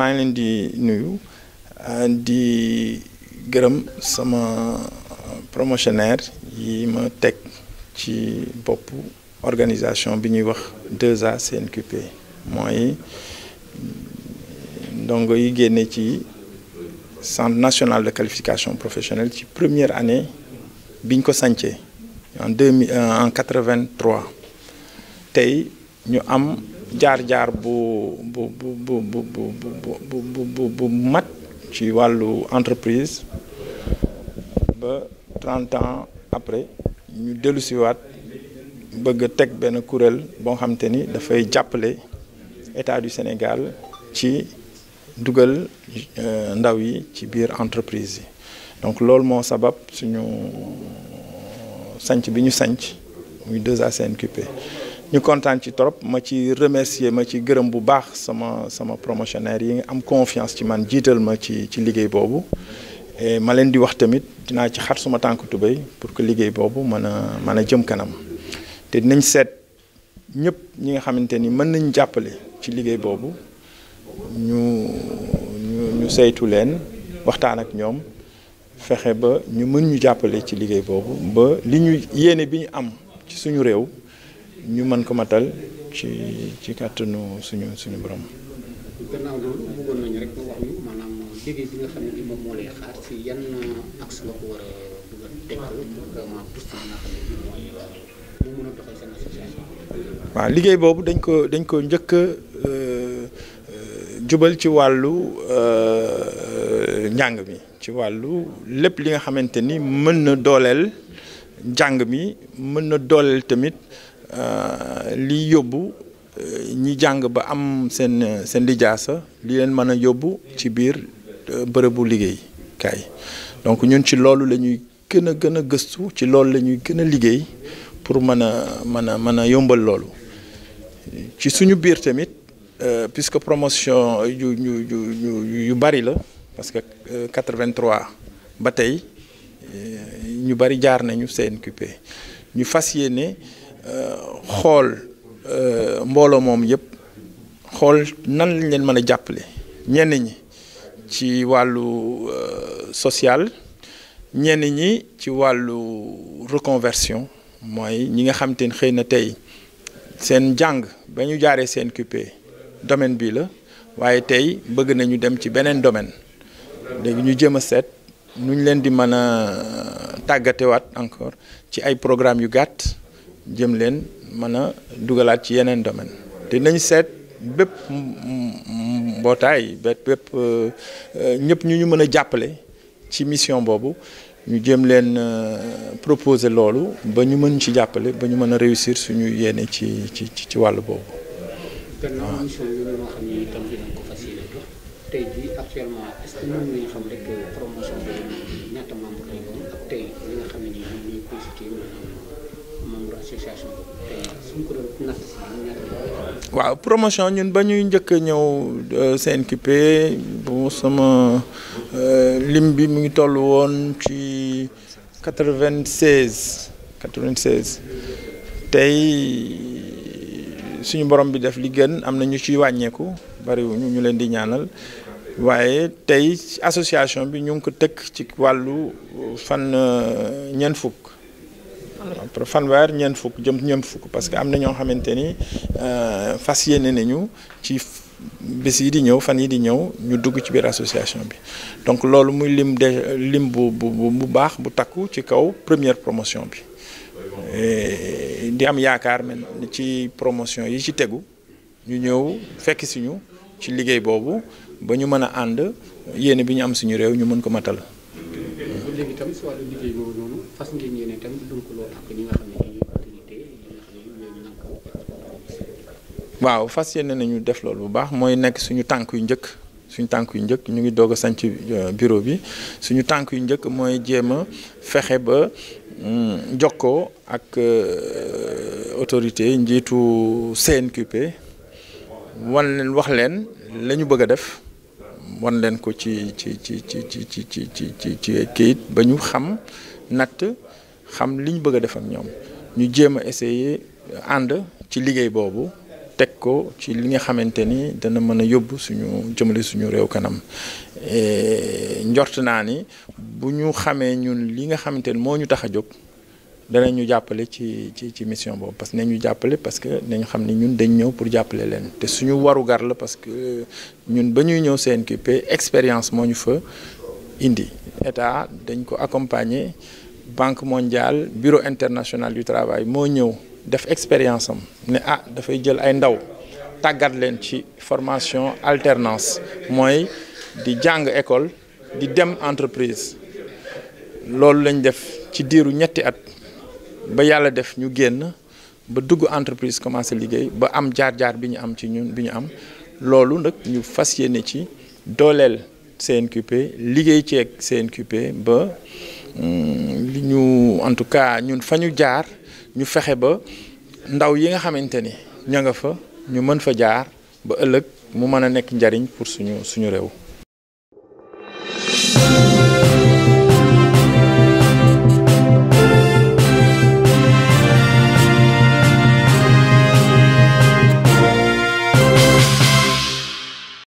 maa ngi leen di nuyu euh, di gërëm sama promotionnaire yi ma teg ci bopp organisation bi ñuy wax 2A CNQP mooy ndongo yi génne ci centre national de qualification professionnelle ci première année biñ ko sancee en deux mille euh, en quatre vingt tey ñu am. jaar-jaar bu bu bu bu bu bu bu bu mat ci wàllu entreprise ba trente ans après ñu dellu siwaat bëgg a teg benn kuréel boo xam ni dafay jàppale état du Sénégal ci dugal ndaw yi ci biir entreprise yi donc loolu moo sabab suñu sanc bi ñu sanc muy 2ACNQP ñu kontaan ci trop ma ci remercier ma ci gërëm bu baax sama sama promotionnaire yi nga am confiance ci man jiital ma ci ci liggéey boobu ma leen di wax tamit dinaa ci xat suma tànk tubéy pour que liggéey boobu mën a mën a jëm kanam te dinañ seet ñëpp ñi nga xamante ni mën nañ jàppale ci liggéey boobu ñu ñu ñu saytu leen waxtaan ak ñoom fexe ba ñu mën ñu jàppale ci liggéey boobu ba li ñu yéene bi ñu am ci suñu réew ñu mën ko matal ci ci kàttanu suñu suñu borom. gannaaw liggéey waaw liggéey boobu dañ ko dañ ko njëkk euh, jubal ci wàllu euh, njàng mi ci wàllu lépp li nga xamante ni mën na dooleel njàng mi mën na dooleel tamit. Euh, lii yóbbu euh, ñi jàng ba am seen seen lijaasa li leen mën a yóbbu ci biir euh, bërëbu liggéey kaay donc ñun ci loolu la ñuy gën a gën a gëstu ci loolu la ñuy gën a liggéey pour mën a mën a mën a yombal loolu ci suñu biir tamit puisque promotion yu yu yu yu bari la parce que 83 ba tey ñu bari jaar nañu seen CNQP ñu fas yéene Euh, xool euh, mbooloo moom yëpp xool nan lañ leen mën a jàppale ñenn ñi ci wàllu euh, social ñenn ñi ci wàllu reconversion mooy ñi nga xam te xëy na tey seen jàng ba ñu jaaree seen CUPE domaine bii la waaye tey bëgg nañu dem ci beneen domaine léegi ñu jéem a seet nu ñu leen di mën a tàggatewaat encore ci ay programmes yu gàtt. jëm leen mën a dugalaat ci yeneen domaine te nañ seet bépp mbootaay bépp euh, euh, ñëpp ñu ñu mën a jàppale ci mission boobu ñu jëm leen euh, proposer loolu ba ñu mën ci jàppale ba ñu mën a réussir suñu yéene ci ci ci wàllu boobu. waaw mission waaw promotion ñun ba ñuy njëkk a ñëw euh, CNQP bu sama euh, lim bi mu ngi toll woon ci quatre-vingt-seize quatre vingt tey suñu borom bi def li gën am na ñu ciy wàññeeku bariwuñu ñu leen di ñaanal waaye tey association bi ñu ngi ko tëkk ci wàllu fan euh, ñeent fukk. entre fanweer ñeen fukk jëm ñeent fukk parce que am na ñoo xamante ni euh, fas yéene nañu ci bés yi di ñëw fan yi di ñëw ñu dugg ci biir association bi donc loolu muy lim de lim bu bu baax bu takku ci kaw première promotion bi di am yaakaar men ci promotion yi ci tegu ñu ñëw fekk si ñu ci liggéey boobu ba ñu mën a ànd yéene bi ñu am suñu réew ñu mën ko matal. itam si wàllu liggéey boobu noonu fas ngeen yéene itam lëkkaloo ne waaw fas yéene nañu def loolu bu baax mooy nekk suñu tànk yu njëkk suñu tànk yu njëkk ñu ngi doog a sanc euh, bureau bi suñu tànk yu njëkk mooy jéema fexe ba mm, jokkoo ak euh, autorité njiitu seen wan leen wax leen lañu ñu bëgg a def wan leen ko ci ci ci ci ci ci ci ci ci ci kayit ba ñu xam natt xam liñ bëgg a def ñoom ñu jéem a essayer ànd ci liggéey boobu teg ko ci li nga xamante ni dana mën a yóbbu suñu jëmale suñu réew kanam njort naa ni bu ñu xamee ñun li nga xamante ni moo ñu tax a jóg. danañ ñu jàppale ci ci ci mission boobu parce que nañ ñu jàppale parce que nañ xam ne ñun dañ ñëw pour jàppale leen te suñu warugar la parce que ñun ba ñuy ñëw seen CNQP expérience moo ñu fa indi état dañ ko accompagner banque mondiale bureau international du moo ñëw def expérience am ne ah dafay jël ay ndaw tàggat leen ci formation alternance mooy di jàng école di dem entreprise loolu lañ def ci diiru ñetti at ba yàlla def ñu génn ba dugg entreprise commencé liggéey ba am jaar-jaar bi ñu am ci ñun bi ñu am loolu nag ñu fas yéene ci dooleel seen CNQP liggéey ci seen CNQP ba mm, li ñu en tout cas ñun fa ñu jaar ñu fexe ba ndaw yi nga xamante ni ña nga fa ñu mën fa jaar ba ëllëg mu mën a nekk njariñ pour suñu suñu réew